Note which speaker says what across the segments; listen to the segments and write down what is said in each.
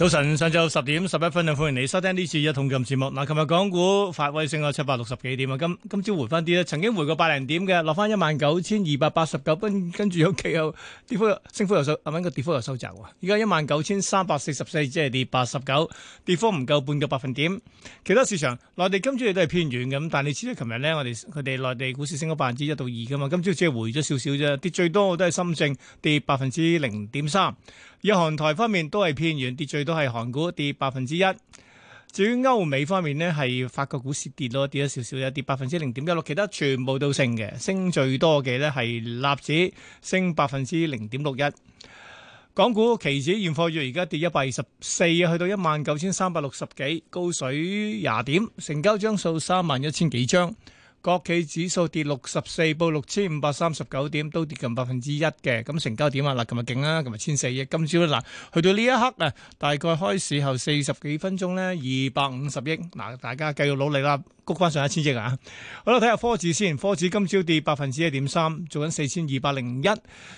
Speaker 1: 早晨，上晝十點十一分啊！歡迎你收聽呢次一桶金節目。嗱，琴日港股發威升咗七百六十幾點啊？今今朝回翻啲咧，曾經回過百零點嘅，落翻一萬九千二百八十九蚊，跟住有企有跌幅，升幅又收，啱啱個跌幅又收窄喎。依家一萬九千三百四十四，即係跌八十九，跌幅唔夠半個百分點。其他市場，內地今朝亦都係偏軟嘅，咁但係你知啦，琴日咧我哋佢哋內地股市升咗百分之一到二噶嘛，今朝只係回咗少少啫，跌最多都係深證跌百分之零點三。以韓台方面都係偏軟，跌最多係韓股跌百分之一。至於歐美方面呢係法國股市跌咯，跌咗少少，有跌百分之零點一六。其他全部都升嘅，升最多嘅呢係納指升百分之零點六一。港股期指現貨月而家跌一百二十四，去到一萬九千三百六十幾，高水廿點，成交張數三萬一千幾張。國企指數跌六十四，報六千五百三十九點，都跌近百分之一嘅。咁成交點啊，嗱，琴日勁啊，琴日千四億。今朝咧，嗱，去到呢一刻啊，大概開市後四十幾分鐘咧，二百五十億。嗱，大家繼續努力啦，谷翻上一千億啊！好啦，睇下科指先，科指今朝跌百分之一點三，做緊四千二百零一，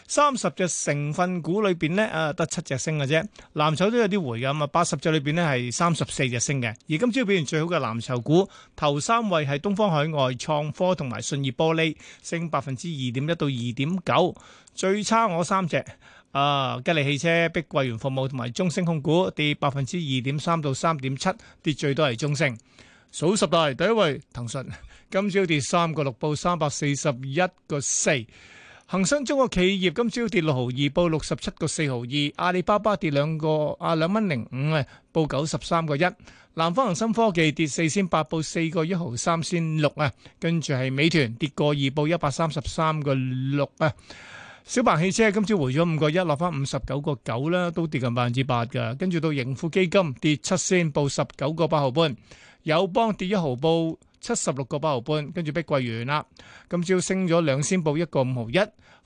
Speaker 1: 三十隻成分股裏邊咧，啊，得七隻升嘅啫。藍籌都有啲回嘅，咁啊，八十隻裏邊咧係三十四隻升嘅。而今朝表現最好嘅藍籌股，頭三位係東方海外、創。創科同埋信義玻璃升百分之二點一到二點九，最差我三隻啊，吉利汽車、碧桂園服務同埋中升控股跌百分之二點三到三點七，跌最多係中升。數十大第一位騰訊，今朝跌三個六，報三百四十一個四。恒生中國企業今朝跌六毫二，報六十七個四毫二。阿里巴巴跌兩個啊兩蚊零五啊，報九十三個一。南方恒生科技跌四仙八，報四個一毫三仙六啊。跟住係美團跌個二，報一百三十三個六啊。小鵬汽車今朝回咗五個一，落返五十九個九啦，都跌近百分之八㗎。跟住到盈富基金跌七仙，報十九個八毫半。友邦跌一毫，報。七十六個八毫半，跟住碧桂園啦。今朝升咗兩仙，報一個五毫一。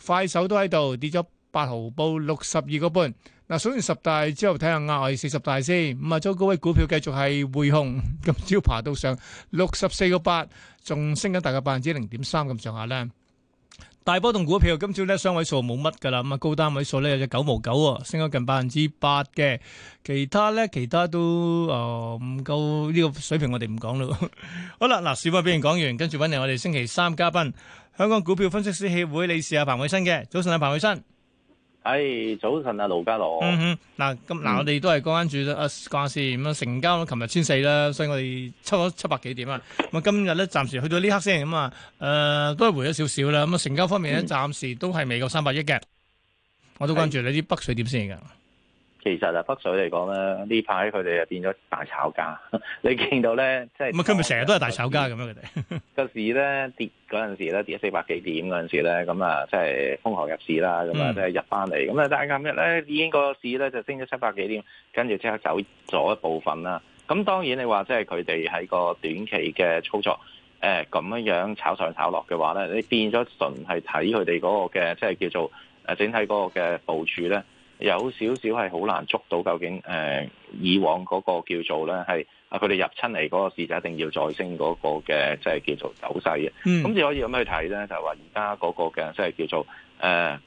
Speaker 1: 快手都喺度跌咗八毫，報六十二個半。嗱，數完十大之後，睇下額外四十大先。五日最高位股票繼續係匯控，今朝爬到上六十四個八，仲升緊大概百分之零點三咁上下咧。大波動股票今朝咧，雙位數冇乜噶啦，咁啊高單位數咧有隻九毛九，升咗近百分之八嘅。其他咧其他都哦唔夠呢個水平我，我哋唔講咯。好啦，嗱，小巴俾人講完，跟住搵嚟我哋星期三嘉賓，香港股票分析師協會理事阿彭偉新嘅，早晨啊彭偉新。
Speaker 2: 誒、哎，早晨啊，盧家
Speaker 1: 樂。嗯哼，嗱，咁嗱，我哋都係關注住啊，講下咁啊，成交琴日千四啦，所以我哋出咗七百幾點啦。咁啊，今日咧暫時去到呢刻先，咁啊，誒，都係回咗少少啦。咁啊，成交方面咧，暫、嗯、時都係未夠三百億嘅。我都關注你啲北水點先嘅。
Speaker 2: 其實啊，北水嚟講咧，呢排佢哋啊變咗大炒家。你見到咧，即
Speaker 1: 係佢咪成日都係大炒家咁樣？佢哋
Speaker 2: 個市咧跌嗰陣時咧跌咗四百幾點嗰陣時咧，咁啊即係瘋狂入市啦，咁啊即係入翻嚟。咁啊，但係今日咧已經個市咧就升咗七百幾點，跟住即刻走咗一部分啦。咁當然你話即係佢哋喺個短期嘅操作誒咁樣樣炒上炒落嘅話咧，你變咗純係睇佢哋嗰個嘅即係叫做誒整體嗰個嘅部署咧。有少少係好難捉到，究竟誒、呃、以往嗰個叫做咧係啊佢哋入侵嚟嗰個市就一定要再升嗰個嘅即係叫做走勢嘅，咁、嗯、就可以咁去睇咧，就係話而家嗰個嘅即係叫做誒、呃、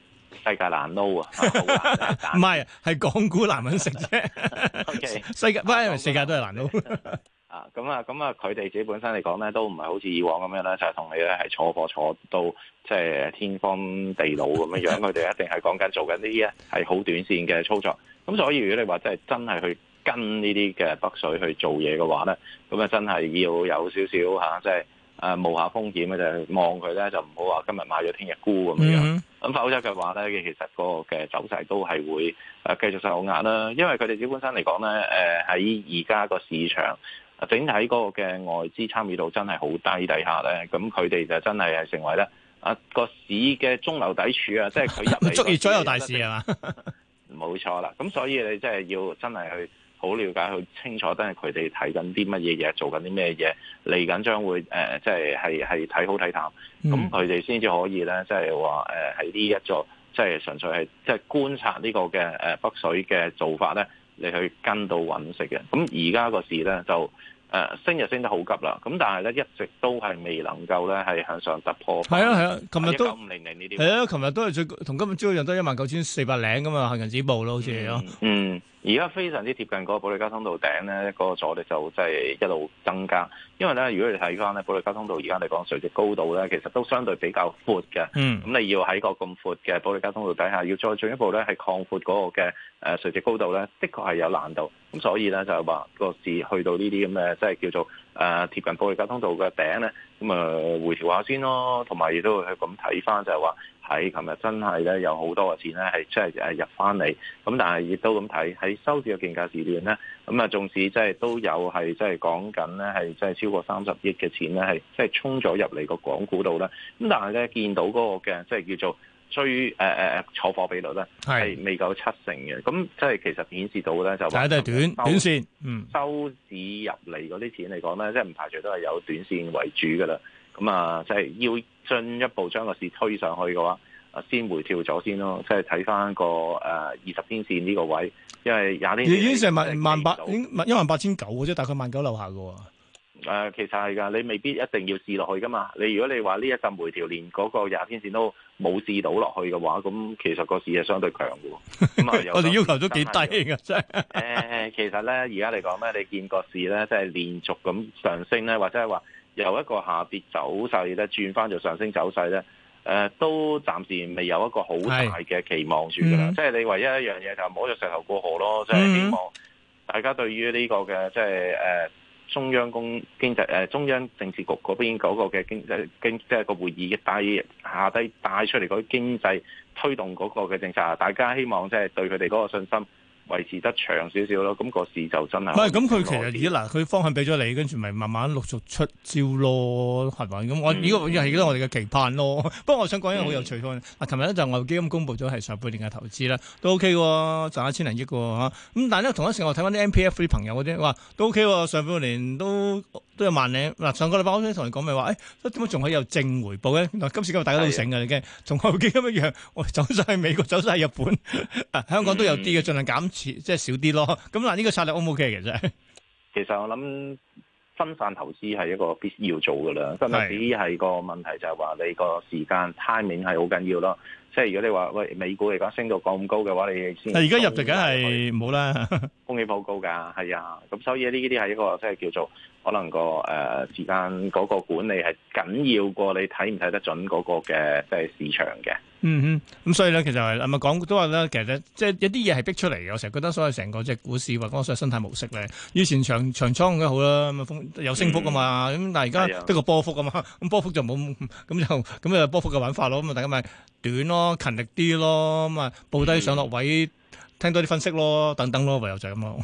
Speaker 2: 世界難撈啊，好難，
Speaker 1: 唔係係港股難揾食啫，OK，世界世界都係難撈。
Speaker 2: 啊，咁啊，咁啊，佢哋自己本身嚟講咧，都唔係好似以往咁樣咧，就係、是、同你咧係坐貨坐到即係、就是、天荒地老咁樣樣。佢哋一定係講緊做緊呢啲咧係好短線嘅操作。咁所以如果你話、就是、真係真係去跟呢啲嘅北水去做嘢嘅話咧，咁啊真係要有少少吓，即係誒冒下風險嘅就望佢咧，就唔好話今日買咗，聽日沽咁樣。咁、mm hmm. 否則嘅話咧，其實個嘅走勢都係會誒繼續受壓啦，因為佢哋自己本身嚟講咧，誒喺而家個市場。整體嗰個嘅外資參與度真係好低底下咧，咁佢哋就真係係成為咧啊個市嘅中流砥柱啊，即係佢入嚟足以左右大市
Speaker 1: 啊。嘛
Speaker 2: 冇錯啦，咁所以你真係要真係去好了解、好清楚，真係佢哋睇緊啲乜嘢嘢，做緊啲咩嘢，嚟緊將會誒，即係係係睇好睇淡，咁佢哋先至可以咧，即係話誒喺呢一座，即係純粹係即係觀察呢個嘅誒、呃、北水嘅做法咧。你去跟到揾食嘅，咁而家個市咧就誒、呃、升就升得好急啦，咁但係咧一直都係未能夠咧係向上突破。係啊係啊，琴日都五零零
Speaker 1: 呢啲。係啊，琴日都係最同今日最高一樣都一萬九千四百零咁啊，啊19，行人止步咯，好似係咯。嗯。
Speaker 2: 而家非常之貼近嗰個保利交通道頂咧，嗰個阻力就即係一路增加。因為咧，如果你睇翻咧保利交通道而家嚟講，垂直高度咧其實都相對比較闊嘅。嗯，咁你要喺個咁闊嘅保利交通道底下，要再進一步咧係擴闊嗰個嘅誒垂直高度咧，的確係有難度。咁所以咧就係話個事去到呢啲咁嘅，即係叫做。誒、啊、貼近保歷加通道嘅頂咧，咁啊回調一下先咯，同埋亦都會係咁睇翻，就係話喺琴日真係咧有好多嘅錢咧係真係誒入翻嚟，咁但係亦都咁睇喺收市嘅競價時段咧，咁啊縱使即係都有係即係講緊咧係即係超過三十億嘅錢咧係即係衝咗入嚟個港股度啦。咁但係咧見到嗰個嘅即係叫做。最誒誒誒坐貨比率咧係是未夠七成嘅，咁即係其實顯示到咧就係都係短收短線，嗯，收市入嚟嗰啲錢嚟講咧，即係唔排除都係有短線為主嘅啦。咁啊，即係要進一步將個市推上去嘅話，啊先回跳咗先咯，即係睇翻個誒二十天線呢個位，因為廿天線已經成
Speaker 1: 萬萬八，一萬八千九嘅啫，大概萬九樓下嘅。
Speaker 2: 誒、呃，其實係噶，你未必一定要試落去噶嘛。你如果你話呢一陣回調，連嗰個廿天線都冇試到落去嘅話，咁其實個市係相對強嘅。有 我哋要求都幾低噶，真係、呃。誒， 其實咧，而家嚟講咧，你見個市咧，即係連續咁上升咧，或者係話由一個下跌走勢咧，轉翻做上升走勢咧，誒、呃，都暫時未有一個好大嘅期望住噶啦。是嗯、即係你唯一一樣嘢就係摸著石頭過河咯。嗯、即係希望大家對於呢個嘅即係誒。呃中央公經濟誒中央政治局嗰邊嗰個嘅經濟經即係個會議議帶下低帶出嚟啲經濟推動嗰個嘅政策，大家希望即係對佢哋嗰個信心。維持得長少少咯，咁個市就真係唔係咁，
Speaker 1: 佢其實而家嗱，佢方向俾咗你，跟住咪慢慢陸續出招咯，係咪？咁我呢個又係我哋嘅期盼咯。不過我想講一樣好有趣嘅嘢，嗱，琴日咧就外匯基金公布咗係上半年嘅投資啦，都 OK 喎，賺一千零億喎嚇。咁但係咧，同一時間我睇翻啲 MPF 啲朋友嗰啲話都 OK 喎，上半年都。都有萬零嗱，上個禮拜我先同你講，咪話誒，點解仲係有正回報嘅？嗱，今時今日大家都醒㗎，已經是的 同後基咁一樣，我走晒去美國，走晒日本，啊、香港都有啲嘅，儘、嗯、量減少，即係少啲咯。咁嗱，呢個策略 O 唔 O K 嘅？其實，
Speaker 2: 其實我諗分散投資係一個必須要做嘅啦。咁第二係個問題就係話，你個時間 timing 係好緊要咯。即係如果你話喂美股嚟講升到咁高嘅話，你先，而家入嚟
Speaker 1: 梗係冇啦 風險，
Speaker 2: 風險好高噶，係啊。咁所以呢啲係一個即係叫做可能個誒時間嗰個管理係緊要過你睇唔睇得準嗰個嘅即係市場嘅。嗯
Speaker 1: 哼，咁所以咧，其實係，阿咪講都話咧，其實即係一啲嘢係逼出嚟嘅。我成日覺得所謂成個即係股市或者所謂生態模式咧，以前長長倉嘅好啦，咁有升幅啊嘛，咁、嗯、但係而家得個波幅啊嘛，咁波幅就冇咁，咁就咁啊波幅嘅玩法咯，咁啊大家咪短咯。勤力啲咯，咁啊報低上落位，的聽多啲分析咯，等等咯，唯有就咁咯。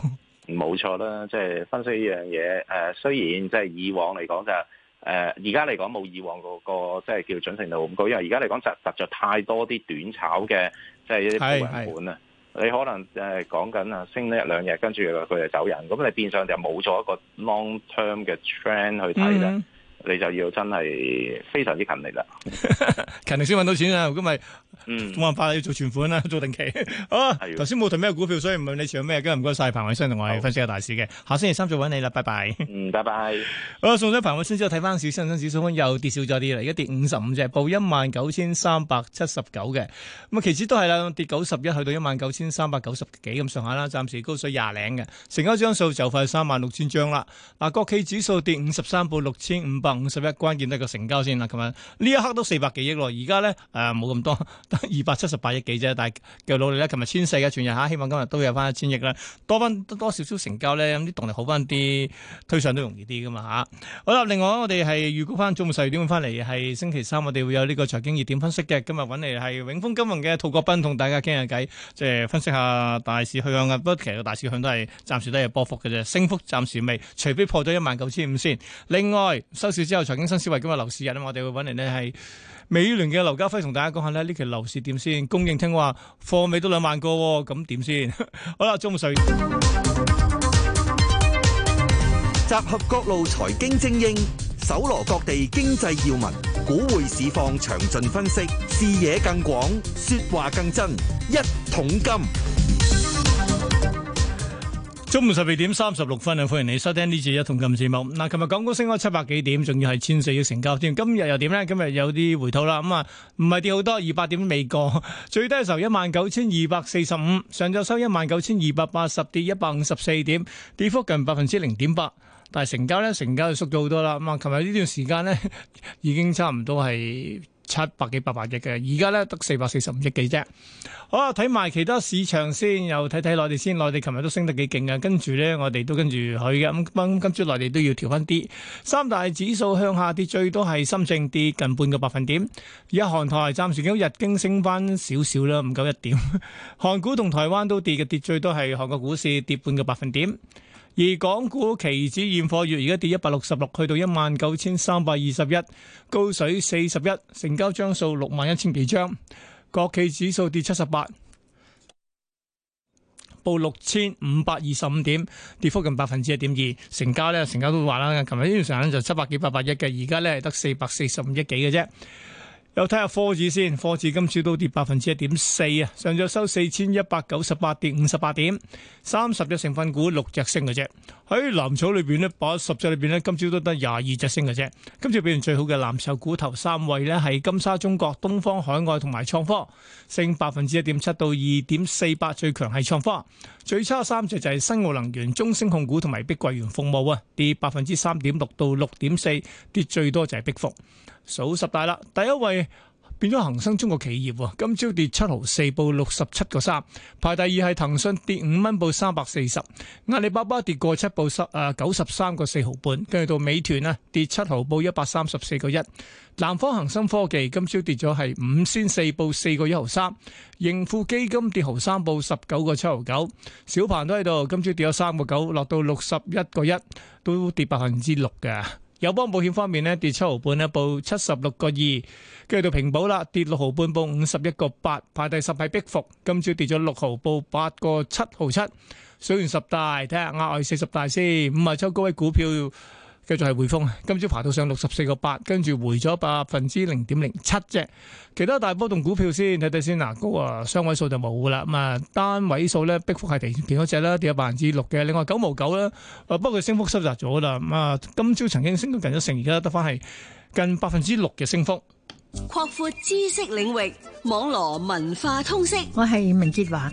Speaker 2: 冇錯啦，即係分析呢樣嘢。誒，雖然即係以往嚟講就是，誒而家嚟講冇以往嗰個即係叫準程度咁高，因為而家嚟講實實在太多啲短炒嘅，即係一啲波紋盤啊。是的是你可能誒講緊啊升呢一兩日，跟住佢就走人，咁你變相就冇咗一個 long term 嘅 trend 去睇啦。嗯你就
Speaker 1: 要真係非常之勤力啦， 勤力先揾到錢啊！咁咪冇辦法要做存款啦，啊，做定期。啊，頭先冇提咩股票，所以唔問你除咗咩。今日唔該晒，彭偉生同我哋分析下大市嘅。好下星期三再揾你啦，拜拜。嗯，拜拜。啊，送咗彭偉生之後，睇翻市，恒生指數又跌少咗啲啦，而家跌五十五隻，報一萬九千三百七十九嘅。咁啊，期指都係啦，跌九十一，去到一萬九千三百九十幾咁上下啦，暫時高水廿零嘅。成交張數就快三萬六千張啦。嗱，國企指數跌五十三，報六千五百，五十一。關鍵得個成交先啦，琴日呢一刻都四百幾億咯，而家咧誒，冇咁多，得二百七十八億幾啫。但係繼續努力咧，琴日千四嘅全日嚇，希望今日都有翻一千億啦，多翻多多少少成交咧，咁啲動力好翻啲，推上都容易啲噶嘛嚇。好啦，另外我哋係預估翻中午十二點翻嚟係星期三，我哋會有呢個財經熱點分析嘅。今日揾嚟係永豐金融嘅涂國彬同大家傾下偈，即係分析下大市向啊，不過其實大市向都係暫時都係波幅嘅啫，升幅暫時未，除非破咗一萬九千五先。另外收之後財經新思維今日樓市日我哋會揾嚟，呢係美聯嘅劉家輝同大家講下咧，呢期樓市點先？供應聽話，貨尾都兩萬個，咁點先？好啦，鐘瑞。集合各路財經精英，搜羅各地經濟要聞，股匯市況詳盡分析，視野更廣，說話更真，一桶金。中午十二點三十六分啊，歡迎你收聽呢次一桶金節目。嗱，琴日港股升咗七百幾點，仲要係千四嘅成交添。今日又點呢？今日有啲回吐啦，咁、嗯、啊，唔係跌好多，二百點未過。最低嘅時候一萬九千二百四十五，上晝收一萬九千二百八十，跌一百五十四點，跌幅近百分之零點八。但係成交咧，成交就縮咗好多啦。咁、嗯、啊，琴日呢段時間咧，已經差唔多係。七百幾百，百萬億嘅，現在呢億而家咧得四百四十五億幾啫。好啊，睇埋其他市場先，又睇睇內地先。內地琴日都升得幾勁嘅，跟住咧我哋都跟住去嘅。咁今朝內地都要調翻啲。三大指數向下跌，最多係深證跌近半個百分點。而家韓台暫時嘅日經升翻少少啦，唔夠一點。韓股同台灣都跌嘅，跌最多係韓國股市跌半個百分點。而港股期指現貨月而家跌一百六十六，去到一萬九千三百二十一，高水四十一，成交張數六萬一千幾張。國企指數跌七十八，報六千五百二十五點，跌幅近百分之一點二。成交咧，成交都話啦，琴日呢段時間就七百幾八百億嘅，而家咧係得四百四十五億幾嘅啫。又睇下科指先，科指今朝都跌百分之一點四啊，上晝收四千一百九十八，跌五十八點，三十隻成分股六隻升嘅啫。喺藍籌裏邊呢，八十隻裏邊呢，今朝都得廿二隻升嘅啫。今朝表現最好嘅藍籌股頭三位呢，係金沙中國、東方海外同埋創科，升百分之一點七到二點四八，最強係創科。最差三隻就係新奧能源、中升控股同埋碧桂園服務啊，跌百分之三點六到六點四，跌最多就係碧服數十大啦，第一位變咗恒生中國企業喎，今朝跌七毫四，報六十七個三。排第二係騰訊，跌五蚊，報三百四十。阿里巴巴跌過七，報十啊九十三個四毫半。跟住到美團啊，跌七毫，報一百三十四個一。南方恆生科技今朝跌咗係五仙四，報四個一毫三。盈富基金跌毫三，報十九個七毫九。小鵬都喺度，今朝跌咗三個九，落到六十一個一，都跌百分之六嘅。友邦保險方面咧跌七毫半咧，報七十六個二，跟住到平保啦，跌六毫半，報五十一個八，8，排第十係碧伏。今朝跌咗六毫，報八個七毫七。上完十大，睇下額外四十大先，五日收高位股票。繼續係匯豐，今朝爬到上六十四個八，跟住回咗百分之零點零七啫。其他大波動股票先睇睇先嗱，高啊，雙位數就冇噶啦，咁啊單位數咧，逼幅係跌跌嗰隻啦，跌咗百分之六嘅。另外九毛九咧，不過升幅收窄咗啦。咁啊，今朝曾經升到近咗成，而家得翻係近百分之六嘅升幅。擴闊知識領域，網羅文化通識，我係文潔華。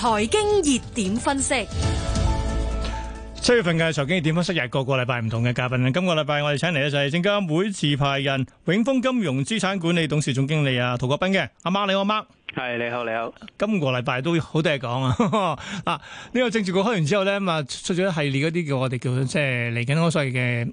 Speaker 2: 財經熱點分析，
Speaker 1: 七月份嘅財經熱點分析，日個個禮拜唔同嘅嘉賓。今個禮拜我哋請嚟嘅就係證監會持牌人永豐金融資產管理董事總經理啊陶國斌嘅阿媽，你好，阿媽係你好你好，你好，今個禮拜都好多嘢講啊！嗱，呢個政治局開完之後咧，咁啊出咗一系列嗰啲叫我哋叫即係嚟緊所謂嘅。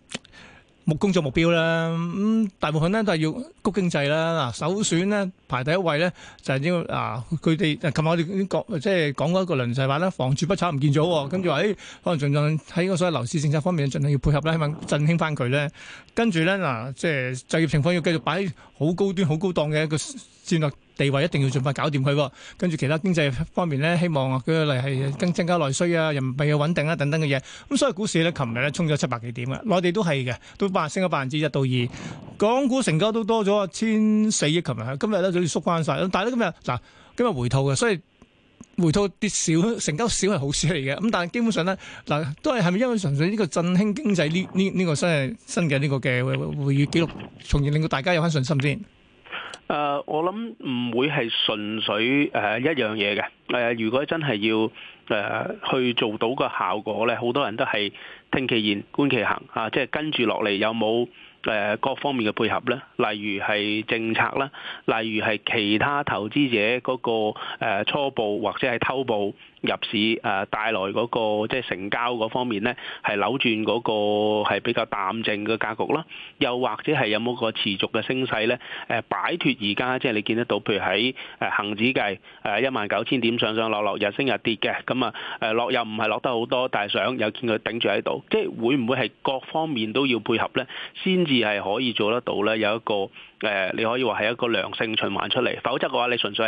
Speaker 1: 目工作目標啦，咁、嗯、大部分咧都係要谷經濟啦。嗱，首選咧排第一位咧就係呢個啊，佢哋琴日我哋啲國即係講過一個論述話咧，房住不炒唔見咗，跟住話誒，可能盡量喺個所謂樓市政策方面盡量要配合咧，起碼振興翻佢咧。跟住咧嗱，即、就、係、是、就業情況要繼續擺好高端、好高檔嘅一個戰略。地位一定要盡快搞掂佢，跟住其他經濟方面咧，希望佢嚟係增增加內需啊，人民幣嘅穩定啊，等等嘅嘢。咁、嗯、所以股市咧，琴日咧衝咗七百幾點嘅，內地都係嘅，都百升咗百分之一到二。港股成交都多咗千四億，琴日今日咧好似縮翻晒。但係咧今日嗱今日回吐嘅，所以回吐跌少成交少係好事嚟嘅。咁但係基本上咧嗱都係咪因為純粹呢個振興經濟呢呢呢個新嘅、這個、新嘅呢個嘅會議記錄，從而令到大家有翻信心先。
Speaker 3: 誒，我諗唔會係純粹誒一樣嘢嘅。誒，如果真係要誒去做到個效果咧，好多人都係聽其言觀其行啊！即係跟住落嚟有冇誒各方面嘅配合咧？例如係政策啦，例如係其他投資者嗰個誒初步或者係偷步入市誒帶來嗰個即係成交嗰方面呢，係扭轉嗰個係比較淡靜嘅格局啦。又或者係有冇個持續嘅升勢呢？誒，擺脫而家即係你見得到，譬如喺誒恆指計誒一萬九千點上上落落，日升日跌嘅。咁啊落又唔係落得好多，但係想有見佢頂住喺度，即係會唔會係各方面都要配合呢？先至係可以做得到呢。有一個誒，你可以話係一個良性循環出嚟。否則嘅話，你純粹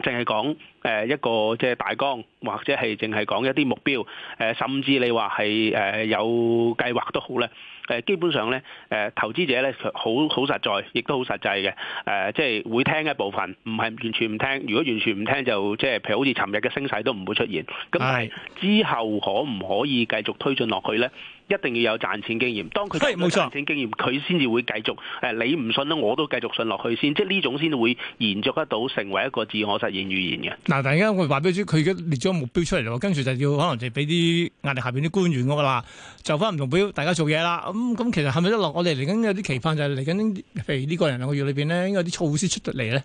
Speaker 3: 係淨係講。誒一個即係大綱，或者係淨係講一啲目標，誒甚至你話係誒有計劃都好咧。誒基本上咧，誒投資者咧，好好實在，亦都好實際嘅。誒即係會聽一部分，唔係完全唔聽。如果完全唔聽，就即係譬如好似尋日嘅聲勢都唔會出現。咁係是 之後可唔可以繼續推進落去咧？一定要有賺錢經驗。當佢有賺錢經驗，佢先至會繼續。誒你唔信咧，我都繼續信落去先。即係呢種先會延續得到，成為一個自我實現預言嘅。
Speaker 1: 嗱，突然間我話俾你知，佢而家列咗目標出嚟喎，跟住就要可能就畀啲壓力下邊啲官員咁啦，就翻唔同俾大家做嘢啦。咁、嗯、咁其實係咪一落，我哋嚟緊有啲期盼就係嚟緊，譬如呢個人兩個月裏邊咧，應該有啲措施出得嚟咧。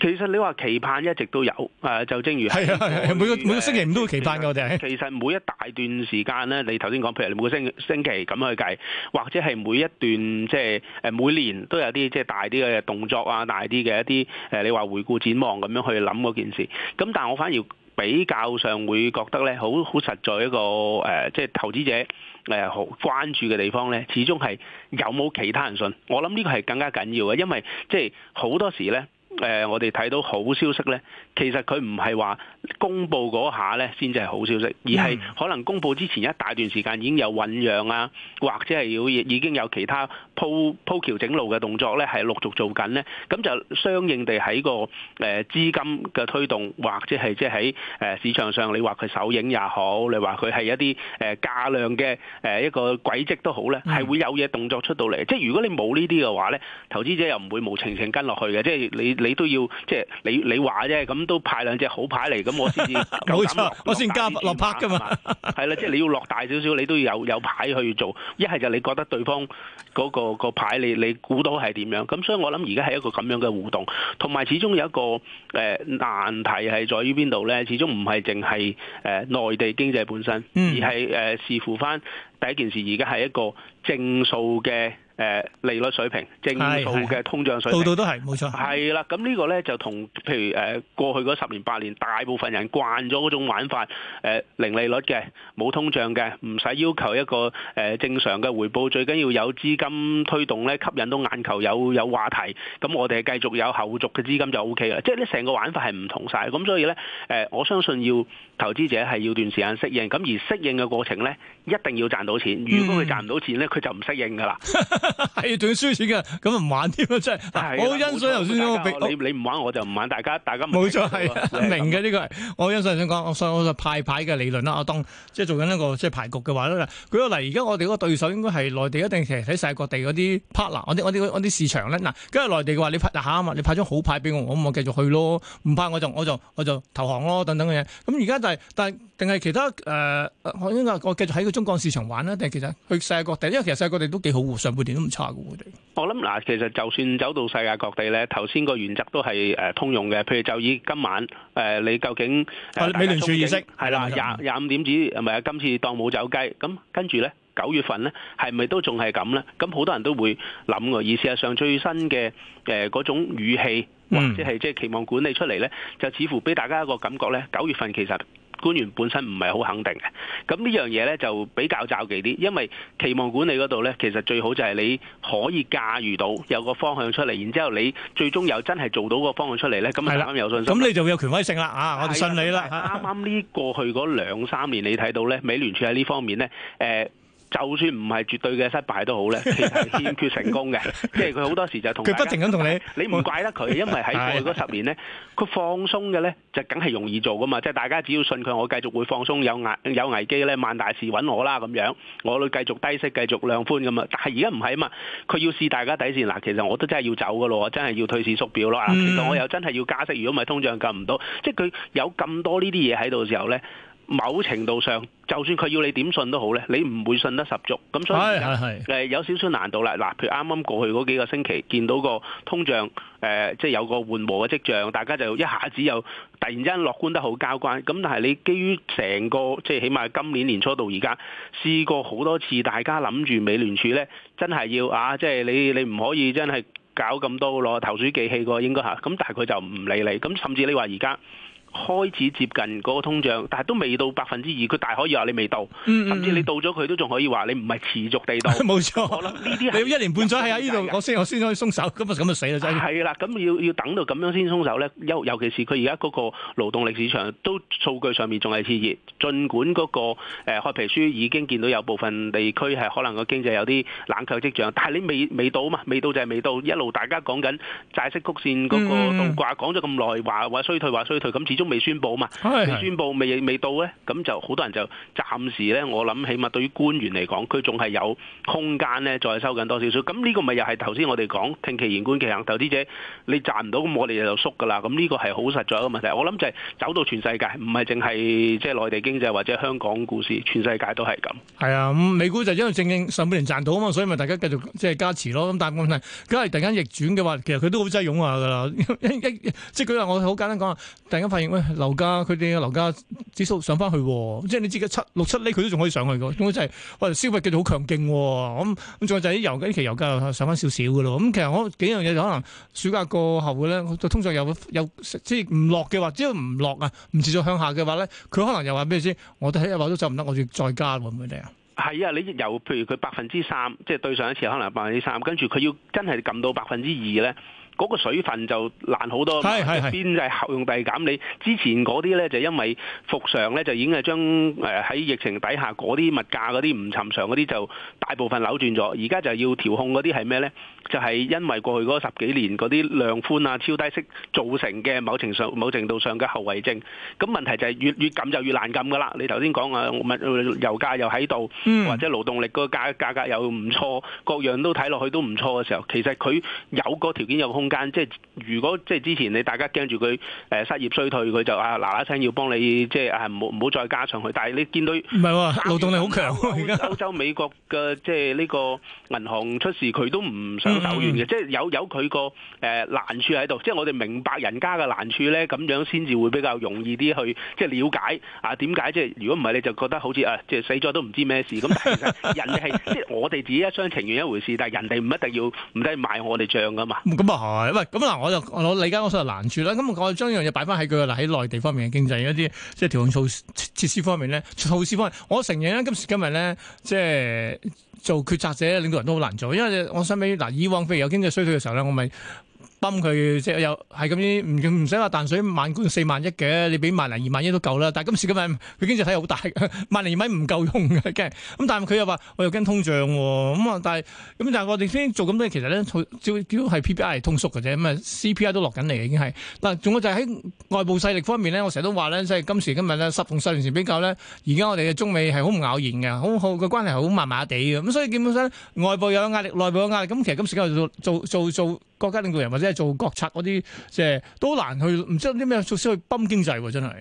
Speaker 3: 其實你話期盼一直都有，誒，就正如係啊，每個
Speaker 1: 每個星期五都會期盼嘅我
Speaker 3: 哋。是其實每一大段時間咧，你頭先講，譬如你每個星星期咁樣去計，或者係每一段即係誒每年都有啲即係大啲嘅動作啊，大啲嘅一啲誒，你話回顧展望咁樣去諗嗰件事。咁但係我反而比較上會覺得咧，好好實在一個誒，即係投資者誒好關注嘅地方咧，始終係有冇其他人信。我諗呢個係更加緊要嘅，因為即係好多時咧。誒、呃，我哋睇到好消息咧，其實佢唔係話公佈嗰下咧先至係好消息，而係可能公佈之前一大段時間已經有醖釀啊，或者係要已經有其他鋪鋪橋整路嘅動作咧，係陸續做緊咧，咁就相應地喺個誒、呃、資金嘅推動，或者係即係喺市場上，你話佢首映也好，你話佢係一啲誒價量嘅誒一個軌跡都好咧，係會有嘢動作出到嚟。即係如果你冇呢啲嘅話咧，投資者又唔會無情情跟落去嘅。即係你。你都要即係你你話啫，咁都派兩隻好牌嚟，咁我先至
Speaker 1: 冇錯，我先加落拍㗎嘛，
Speaker 3: 係啦，即係你要落大少少，你都要有有牌去做。一係就你覺得對方嗰、嗰個嗰個嗰個牌你你估到係點樣？咁所以我諗而家係一個咁樣嘅互動，同埋始終有一個誒、呃、難題係在於邊度咧？始終唔係淨係誒內地經濟本身，嗯、而係誒、呃、視乎翻第一件事，而家係一個正數嘅。誒利率水平，正常嘅通脹水平，度度都係，冇錯，係啦。咁呢個呢，就同譬如過去嗰十年八年，大部分人慣咗嗰種玩法，呃、零利率嘅冇通脹嘅，唔使要求一個、呃、正常嘅回報，最緊要有資金推動呢，吸引到眼球有有話題，咁我哋繼續有後續嘅資金就 O K 啦。即係呢成個玩法係唔同曬，咁所以呢、呃，我相信要。投資者係要段時間適應，咁而適應嘅過程咧，一定要賺到錢。如果佢賺唔到錢咧，佢就唔適應㗎啦，
Speaker 1: 係要仲要輸錢㗎。咁唔玩添啊！真係，我好欣
Speaker 3: 賞頭先嗰個，你你唔玩我就唔玩。大家大家冇錯係
Speaker 1: 明嘅，呢個係我欣賞，我想講，所以我就派牌嘅理論啦。我當即係做緊一個即係牌局嘅話咧，舉個例，而家我哋嗰個對手應該係內地，一定其實喺世界各地嗰啲 partner，我啲我啲我啲市場咧嗱。跟住，內地嘅話你拍下啊嘛，你拍張好牌俾我，我咁我繼續去咯。唔拍我就我就我就投降咯，等等嘅嘢。咁而家。但係，定係其他誒？我應該我繼續喺個中國市場玩啦。定係其實去世界各地，因為其實世界各地都幾好喎，上半年都唔差嘅，
Speaker 3: 我諗嗱，其實就算走到世界各地咧，頭先個原則都係誒、呃、通用嘅。譬如就以今晚誒、呃，你究竟係、呃、美聯儲議息係啦，廿廿的錯五點子，唔係今次當冇走雞。咁跟住咧，九月份咧，係咪都仲係咁咧？咁好多人都會諗喎，而事實上最新嘅誒嗰種語氣。或者、嗯、即係期望管理出嚟呢，就似乎俾大家一個感覺。呢九月份其實官員本身唔係好肯定嘅，咁呢樣嘢呢，就比較罩忌啲。因為期望管理嗰度呢，其實最好就係你可以駕馭到有個方向出嚟，然之後你最終又真係做到個方向出嚟呢。咁係啱有信心，咁
Speaker 1: 你就有權威性啦。啊，我哋信你啦。啱啱呢過去嗰兩
Speaker 3: 三年，你睇到呢，美聯儲喺呢方面呢。呃就算唔係絕對嘅失敗都好咧，其實欠缺成功嘅， 即係佢好多時就同佢不停咁同你，你唔怪得佢，因為喺過去嗰十年咧，佢 放鬆嘅咧就梗係容易做噶嘛，即係大家只要信佢，我繼續會放鬆，有危有危機咧，萬大事揾我啦咁樣，我都繼續低息繼續量寬咁啊，但係而家唔係啊嘛，佢要試大家底線嗱，其實我都真係要走噶咯，我真係要退市縮表咯，其實我又真係要加息，如果唔係通脹撳唔到，即係佢有咁多呢啲嘢喺度時候咧。某程度上，就算佢要你點信都好呢，你唔會信得十足，咁所以係係係、呃、有少少難度啦。嗱，譬如啱啱過去嗰幾個星期，見到個通脹誒、呃，即係有個緩和嘅跡象，大家就一下子又突然之間樂觀得好交關。咁但係你基於成個即係起碼今年年初到而家試過好多次，大家諗住美聯儲呢真係要啊，即、就、係、係、你你唔可以真係搞咁多咯，投鼠忌器喎應該嚇。咁但係佢就唔理你，咁甚至你話而家。開始接近嗰個通脹，但係都未到百分之二，佢大可以話你未到。嗯嗯嗯，甚至你到咗佢都仲可以話你唔係持續地到。
Speaker 1: 冇錯，啦，呢啲你要一年半載係喺呢度我先我先可以鬆手，咁咪咁就死啦真係。係啦，咁要要等到咁樣先鬆
Speaker 3: 手咧，尤其是佢而家嗰個勞動力市場都數據上面仲係熾熱，儘管嗰個誒開皮書已經見到有部分地區係可能個經濟有啲冷卻跡象，但係你未未到嘛，未到就係未到，一路大家講緊債息曲線嗰個倒掛，講咗咁耐，話話衰退話衰退，咁都未宣布嘛？未宣布未未到咧，咁就好多人就暫時咧。我諗起碼對於官員嚟講，佢仲係有空間咧，再收緊多少少。咁呢個咪又係頭先我哋講聽其言觀其行，投資者你賺唔到，咁我哋就縮㗎啦。咁呢個係好實在嘅問題。我諗就係走到全世界，唔係淨係即係內地經濟或者香港故事，全世界都係咁。
Speaker 1: 係啊，美股就因為正正上半年賺到啊嘛，所以咪大家繼續即係加持咯。咁但係問題，如果係突然間逆轉嘅話，其實佢都好擠擁下㗎啦。即係佢話我好簡單講啊，突然間發現。喂，樓價佢哋嘅樓價指數上翻去，即係你自己七六七呢，佢都仲可以上去嘅。咁即係，喂，消費繼續好強勁。咁咁再就係油，呢期油價又上翻少少嘅咯。咁、嗯、其實我幾樣嘢就可能暑假過後咧，通常又又即係唔落嘅話，只要唔落啊，唔持續向下嘅話咧，佢可能又話咩先？我睇啊，話都走唔得，我仲要再加會唔會跌啊？
Speaker 3: 係啊，你由譬如佢百分之三，即係對上一次可能百分之三，跟住佢要真係撳到百分之二咧。呢嗰個水分就難好多，邊際效用遞減。你之前嗰啲呢，就因為復常呢，就已經係將喺疫情底下嗰啲物價嗰啲唔尋常嗰啲就大部分扭轉咗。而家就要調控嗰啲係咩呢？就係、是、因為過去嗰十幾年嗰啲量寬啊、超低息造成嘅某程度上某程度上嘅後遺症。咁問題就係越越撳就越難撳㗎啦。你頭先講啊，物油價又喺度，或者勞動力嗰個價，價格又唔錯，各樣都睇落去都唔錯嘅時候，其實佢有個條件有空。空間即係如果即係之前你大家驚住佢誒，失業衰退，佢就啊，嗱嗱聲要幫你即係啊，唔好唔好再加上去。但係你見到
Speaker 1: 唔係喎，勞動
Speaker 3: 力好強喎，而家歐洲美國嘅即係呢個銀行出事，佢都唔想手軟嘅，即係、嗯嗯、有有佢個誒難處喺度。即係我哋明白人家嘅難處咧，咁樣先至會比較容易啲去即係瞭解，啊，點解，即係如果唔係你就覺得好似啊，即係死咗都唔知咩事咁。但係其實人係即係我哋自己一廂情願一回事，但係人哋唔一定要唔抵賣我哋帳噶嘛。
Speaker 1: 咁啊 喂，咁嗱，我，我，我就攞你而家嗰就難住啦。咁我將呢樣嘢擺翻喺佢啦，喺內地方面嘅經濟一啲，即係調控措施設施方面咧，措施方面，我承認咧，今時今日咧，即係做決策者領導人都好難做，因為我想俾嗱，以往譬如有經濟衰退嘅時候咧，我咪。崩佢即係又係咁啲，唔唔使話淡水萬觀四萬億嘅，你俾萬零二萬億都夠啦。但係今時今日佢經濟體好大嘅， 萬零二米唔夠用嘅，驚咁。但係佢又話我又驚通脹，咁啊，但係咁但係我哋先做咁多嘢，其實咧主要係 P P I 通縮嘅啫，咁啊 C P I 都落緊嚟已經係嗱。仲有就喺外部勢力方面咧，我成日都話咧，即係今時今日咧，十同十年前比較咧，而家我哋嘅中美係好唔咬然嘅，好好嘅關係好麻麻地嘅。咁所以基本上外部有壓力，內部有壓力，咁其實今時今日做做做做。做做做國家領導人或者係做國策嗰啲，即係都難去唔知有啲咩措施去泵經濟喎，真係。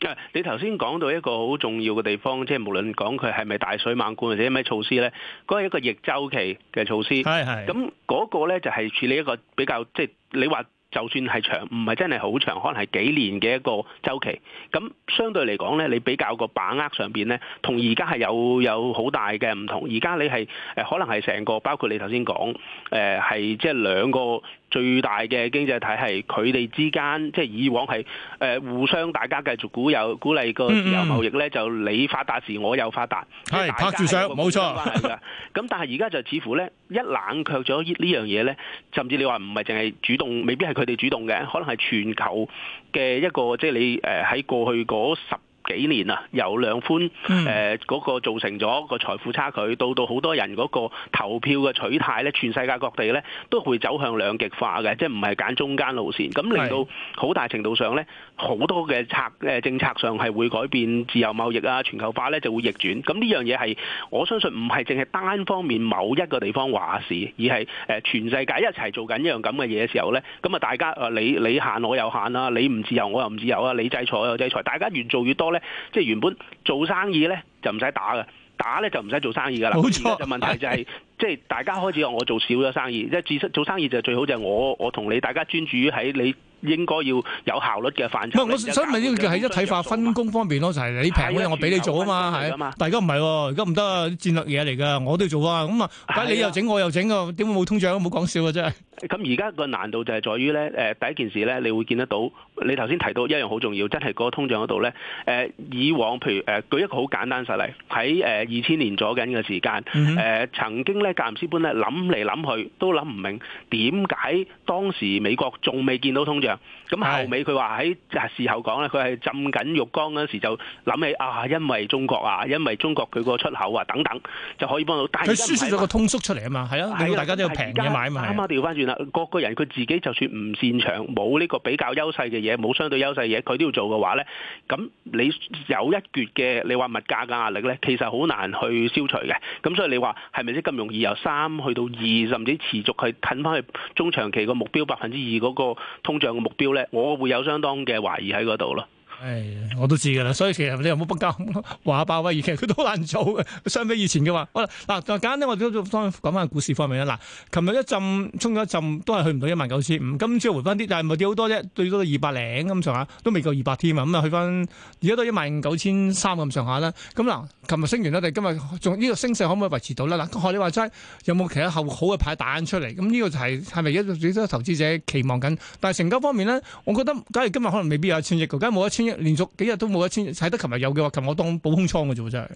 Speaker 3: 誒，你頭先講到一個好重要嘅地方，即係無論講佢係咪大水猛灌或者咩措施呢，嗰係一個逆周期嘅措施。係係。咁嗰個呢就係處理一個比較即係你話。就算係長，唔係真係好長，可能係幾年嘅一個周期。咁相對嚟講咧，你比較個把握上邊咧，同而家係有有好大嘅唔同。而家你係誒可能係成個包括你頭先講誒係即係兩個最大嘅經濟體系佢哋之間即係以往係誒、呃、互相大家繼續鼓有鼓勵個自由貿易咧，嗯嗯就你發達時我又發達，係拍住上冇錯。 咁但係而家就似乎咧，一冷卻咗呢樣嘢咧，甚至你話唔係淨係主動未必係佢。佢哋主動嘅，可能係全球嘅一個，即係你誒喺過去嗰十幾年啊，由量寬嗰、呃那個造成咗個財富差距，到到好多人嗰個投票嘅取態咧，全世界各地咧都會走向兩極化嘅，即係唔係揀中間路線，咁令到好大程度上咧，好多嘅策政策上係會改變自由貿易啊、全球化咧就會逆轉。咁呢樣嘢係我相信唔係淨係單方面某一個地方話事，而係全世界一齊做緊一樣咁嘅嘢嘅時候咧，咁啊大家你你限我有限啦，你唔自由我又唔自由啊，你制裁我又制裁，大家越做越多。即係原本做生意咧就唔使打嘅，打咧就唔使做生意噶啦。而家就問題就係即係大家開始話我做少咗生意，即係做生意就最好就係我我同你大家專注於喺你。應該要有效率嘅範疇。唔係，我想問呢個係一體化
Speaker 1: 分工方面咯，就係你平嗰的我俾你做啊嘛，係。大家唔係喎，而家唔得啊，戰略嘢嚟㗎，我都要做啊，咁啊，的但你又整我又整㗎，點會冇通脹？冇講笑㗎啫。
Speaker 3: 咁而家個難度就係在於咧，誒第一件事咧，你會見得到，你頭先提到一樣好重要，真係嗰個通脹嗰度咧。誒以往譬如誒舉一個好簡單的實例，喺誒二千年左近嘅時間，誒、嗯呃、曾經咧格林斯潘咧諗嚟諗去都諗唔明點解當時美國仲未見到通脹。咁後尾佢話喺事後講呢佢係浸緊浴缸嗰時就諗起啊，因為中國啊，因為中國佢個出口啊等等就可以幫到。佢輸出咗
Speaker 1: 個通縮出嚟啊嘛，係啊的，令到大家都要平價買嘛。啱
Speaker 3: 啱調翻轉啦，個個人佢自己就算唔擅長、冇呢個比較優勢嘅嘢，冇相對優勢嘅嘢，佢都要做嘅話呢。咁你有一撅嘅你話物價嘅壓力呢，其實好難去消除嘅。咁所以你話係咪先咁容易由三去到二，甚至持續去近翻去中長期個目標百分之二嗰個通脹？目標咧，我會有相當嘅懷疑喺嗰度咯。
Speaker 1: 係，我都知噶啦，所以其實你有冇北交話爆威？而其實佢都好難做嘅，相比以前嘅話，嗱嗱簡單咧，我哋都當然講翻股市方面啦。嗱，琴日一浸衝咗一浸，都係去唔到一萬九千五。今朝回翻啲，但係唔係跌好多啫，最多二百零咁上下，都未夠二百添啊。咁啊，去翻而家都一萬九千三咁上下啦。咁嗱，琴日升完啦，我哋今日仲呢個升勢可唔可以維持到咧？嗱，學你話齋，有冇其他後好嘅牌打出嚟？咁呢個就係係咪而家投資者期望緊，但係成交方面咧，我覺得假如今日可能未必有一千億，咁啊冇一千。連續幾日都冇一千，使得琴日有嘅話，琴我當補空倉嘅啫，真
Speaker 3: 係。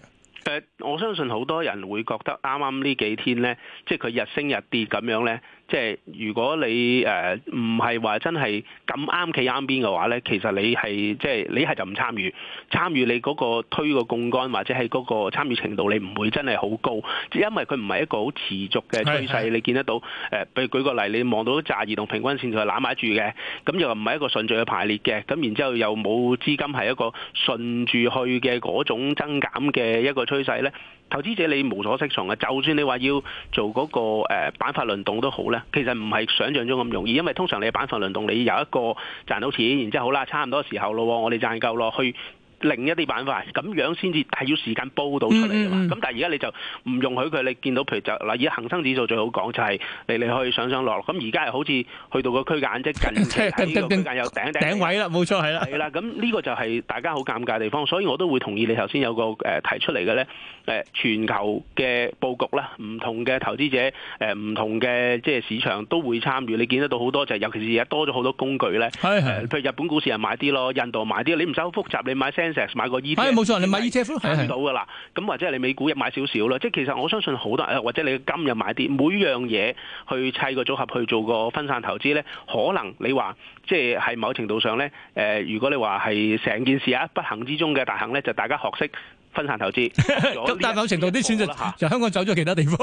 Speaker 3: 誒，我相信好多人會覺得啱啱呢幾天咧，即係佢日升日跌咁樣咧。即係如果你誒唔係話真係咁啱企啱邊嘅話咧，其實你係即係你係就唔參與，參與你嗰個推個槓桿或者係嗰個參與程度，你唔會真係好高，因為佢唔係一個好持續嘅趨勢，是是你見得到誒？比如舉個例，你望到揸移動平均線就攬埋住嘅，咁又唔係一個順序嘅排列嘅，咁然之後又冇資金係一個順住去嘅嗰種增減嘅一個趨勢咧。投資者你無所適從，就算你話要做嗰個誒板塊輪動都好咧，其實唔係想像中咁容易，因為通常你嘅板塊輪動，你有一個賺到錢，然之後好啦，差唔多時候咯，我哋賺夠咯，去。另一啲板塊，咁樣先至係要時間煲到出嚟啊嘛。咁、嗯、但係而家你就唔容許佢，你見到譬如就嗱，而家恒生指數最好講就係、是、你你去以上上落落。咁而家又好似去到個區間，即係近期呢個區間有頂，頂，頂，頂，頂位啦，冇錯係啦。係啦，咁呢個就係大家好尷尬嘅地方，所以我都會同意你頭先有個誒提出嚟嘅咧，誒全球嘅佈局啦，唔同嘅投資者誒唔同嘅即係市場都會參與，你見得到好多就係尤其是而家多咗好多工具咧，是是譬如日本股市又買啲咯，印度買啲，你唔使好複雜，你買買個 ETF 係冇錯，你買 ETF 都買到噶啦。咁是是 或者你美股又買少少啦。即係其實我相信好多人，或者你金又買啲，每樣嘢去砌個組合去做個分散投資咧。可能你話即係喺某程度上咧，誒、呃，如果你話係成件事啊，不幸之中嘅大幸咧，就大家學識。分散
Speaker 1: 投資咁，但某 程度啲選擇就香港走咗，其他地方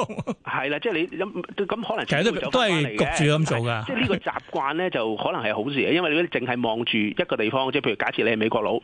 Speaker 1: 係
Speaker 3: 啦， 即係你咁可能其實都都係焗住咁做㗎。即係呢個習慣咧，就可能係好事，因為如果你淨係望住一個地方，即係譬如假設你係美國佬，咁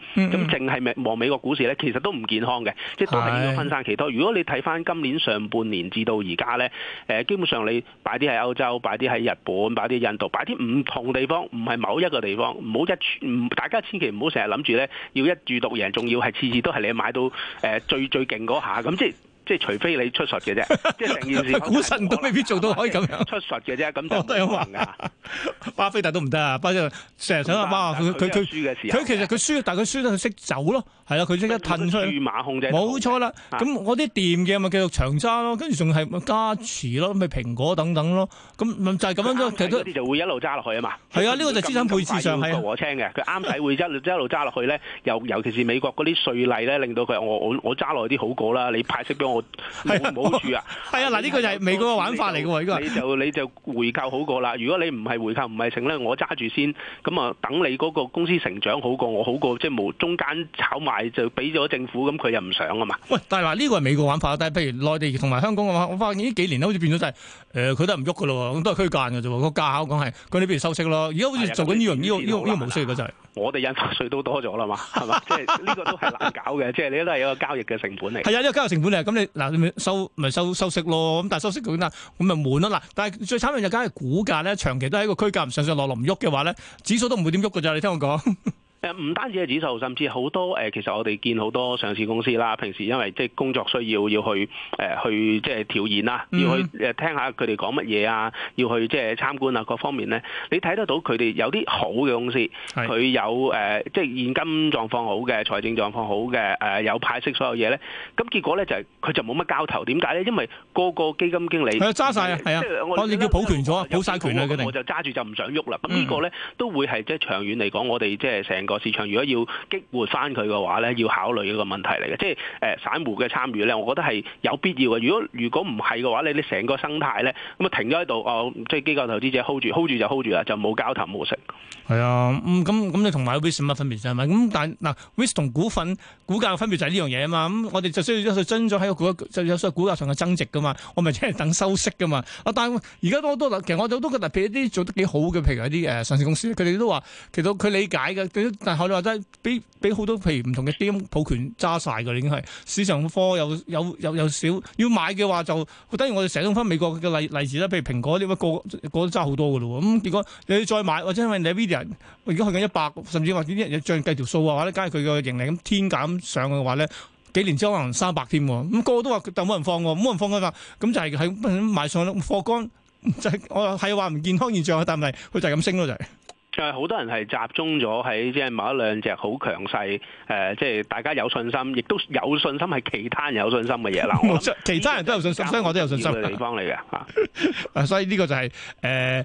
Speaker 3: 淨係望美國股市咧，其實都唔健康嘅，即係都係要分散其多。如果你睇翻今年上半年至到而家咧，誒基本上你擺啲喺歐洲，擺啲喺日本，擺啲印度，擺啲唔同地方，唔係某一個地方，唔好一，大家千祈唔好成日諗住咧要一注獨贏，仲要係次次都係你買到。誒最最勁嗰下咁即。即係除非你出術嘅啫，即係成
Speaker 1: 件事，股神都未必做到可以咁樣出術嘅啫，咁都都唔行噶。巴菲特都唔得啊，巴菲特成日想阿媽，佢佢佢輸嘅時候，佢其實佢輸，但佢輸得佢識走咯，係啊，佢即刻褪出去。控制。冇錯啦，咁我啲掂嘅咪繼續長揸咯，跟住仲係咪加持咯，咪蘋果等等咯，咁就係咁樣多。就
Speaker 3: 會一路揸落去啊嘛。係啊，呢個就資產配置上係啊，清嘅，佢啱使會一路一路揸落去咧，尤尤其是美國嗰啲稅例咧，令到佢我我我揸落去啲好過啦，你派息俾我。冇
Speaker 1: 好啊！係啊，嗱呢個就係美國嘅玩法嚟㗎喎，應該就
Speaker 3: 你就，你就回購好過啦。如果你唔係回購唔係成咧，我揸住先咁啊，等你嗰個公司成長好過我好過，即係冇中間炒賣就俾咗政府，咁佢又唔想啊嘛。
Speaker 1: 喂，但係話呢個係美國嘅玩法，但係譬如內地同埋香港嘅話，我發現呢幾年咧好似變咗、就係，即係誒佢都係唔喐嘅咯，都係區間嘅啫。個價口講係咁，你不如收息咯。而家好似做緊呢、啊、樣呢個呢個呢個冇需要嘅就係
Speaker 3: 我哋印花稅都多咗啦嘛，係嘛？即係呢個都係難搞嘅，即係你都係有個交易嘅成本嚟。係啊，呢、
Speaker 1: 呢個交易成本嚟，咁你嗱，收咪收收息咯，咁但係收息點啦，咁咪悶咯，嗱，但係最慘嘅就梗係股價咧，長期都喺一個區間上上落落唔喐嘅話咧，指數都唔會點喐㗎咋，你聽我講。
Speaker 3: 誒唔單止係指數，甚至好多，其實我哋見好多上市公司啦。平時因為即係工作需要，要去誒去即係挑研調研啦，要去誒聽下佢哋講乜嘢啊，要去即係參觀啊，各方面咧，你睇得到佢哋有啲好嘅公司，佢是有誒即係現金狀況好嘅，財政狀況好嘅，有派息所有嘢咧，咁結果咧就係佢就冇乜交投，點解咧？因為個個基金經理係啊揸曬啊，係啊，我哋、啊、叫保權咗，保晒權我就揸住就唔想喐啦。咁呢、嗯、個咧都會係即係長遠嚟講，我哋即係成個個市場如果要激活翻佢嘅話咧，要考慮一個問題嚟嘅，即係誒散戶嘅參與咧，我覺得係有必要嘅。如果如果唔係嘅話你你成個生態咧，咁啊停咗喺度哦，即係機構投資者 hold 住 hold 住就 hold 住啦，就冇交投冇食。
Speaker 1: 係啊，咁咁你同埋 risk 有乜分別先啊？咁但嗱 risk 同股份股價嘅分別就係呢樣嘢啊嘛。咁、嗯、我哋就，就需要有所增咗喺個股，有所謂股價上嘅增值噶嘛，我咪即係等收息噶嘛。啊、但但而家都好多其實我都覺得，得，譬如一啲做得幾好嘅，譬如一啲誒上市公司佢哋都話，其實佢理解嘅。但係你話齋，俾俾好多譬如唔同嘅啲普權揸晒嘅已經係市場嘅貨又又又又少，要買嘅話就等於我哋成日都翻美國嘅例例子啦，譬如蘋果啲乜個個，個個都揸好多嘅咯喎，咁、嗯、結果你再買或者因為你 NVIDIA 而家去緊一百，甚至話啲人嘢帳計條數啊，或者加上佢嘅盈利咁天價上去嘅話咧，幾年之後可能三百添喎，咁、嗯、個個都話但冇人放喎，冇人放啊嘛，咁就係喺賣上貨乾，就係、是、我係話唔健康現象啊，但係佢就係咁升咯就係、是。
Speaker 3: 誒，好多人係集中咗喺即係某一兩隻好強勢，誒、呃，即係大家有信心，亦都有信心，係其他人有信心嘅嘢啦。
Speaker 1: 其他人都有信心，所以我都有信心嘅地方嚟嘅。啊， 所以呢個就係、是、誒，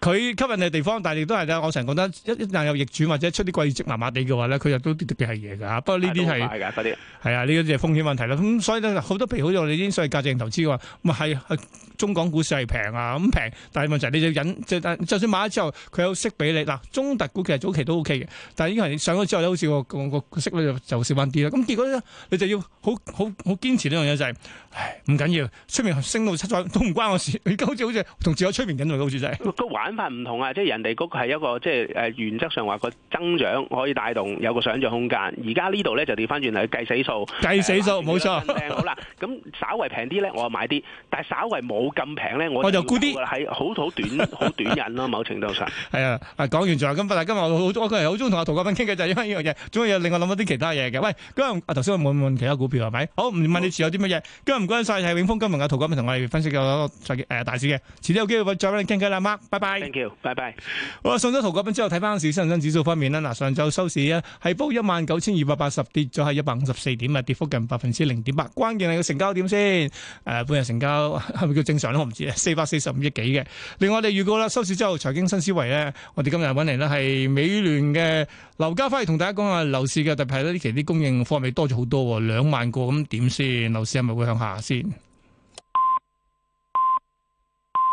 Speaker 1: 佢、呃、吸引嘅地方，但係亦都係我成日覺得一一旦有逆轉或者出啲季節麻麻地嘅話咧，佢又都特別係嘢噶吓。不過呢啲係係啊，呢啲係風險問題啦。咁、嗯、所以很多好多譬如好似我哋啲所謂價值型投資嘅話，咪係。是中港股市係平啊，咁平，但係問題就係你就引，就就，就算買咗之後，佢有息俾你。嗱，中特股其實早期都 OK 嘅，但係已經係上咗之後咧，你好似、哦、個個息率就少翻啲啦。咁結果咧，你就要好好好好堅持呢樣嘢就係、係，唔緊要，出面升到七彩都唔關我事。你今次好似同自己催眠緊喎，好似就
Speaker 3: 係。個玩法唔同啊，即、就、係、係、人哋嗰個係一個即係誒原則上話個增長可以帶動有個想像空間。而家呢度咧就調翻轉嚟計死數，計死數冇、呃、錯。啊、 好啦，咁稍為平啲咧，我就買啲；但係稍為冇。好咁平咧，我就估啲啦，係好短，好 短
Speaker 1: 人咯、啊，某程度上係 啊。啊，講完就係咁。但今日我好，我好係好中意同阿陶國斌傾偈，就係因為呢樣嘢。仲有另外諗到啲其他嘢嘅。喂，咁啊，頭先我問一問其他股票係咪？好，唔問你持有啲乜嘢？今日唔該晒，係永豐金融嘅陶國斌同我哋分析個誒大市嘅。遲啲有機會再俾你傾偈啦，Mark，拜拜。Thank you，拜拜。我送咗陶國斌之後，睇翻市，恒生指數方面咧，嗱，上晝收市啊，係報一萬九千二百八十，跌咗係一百五十四點啊，跌幅近百分之零點八。關鍵係個成交點先，誒、呃，半日成交係咪叫平常我唔知啊，四百四十五億幾嘅。另外我哋預告啦，收市之後財經新思維咧，我哋今日揾嚟咧係，美聯嘅劉家輝同大家講下，樓市嘅，特別係呢期啲供應貨尾多咗好多，兩萬個咁點先？樓市係咪會向下先？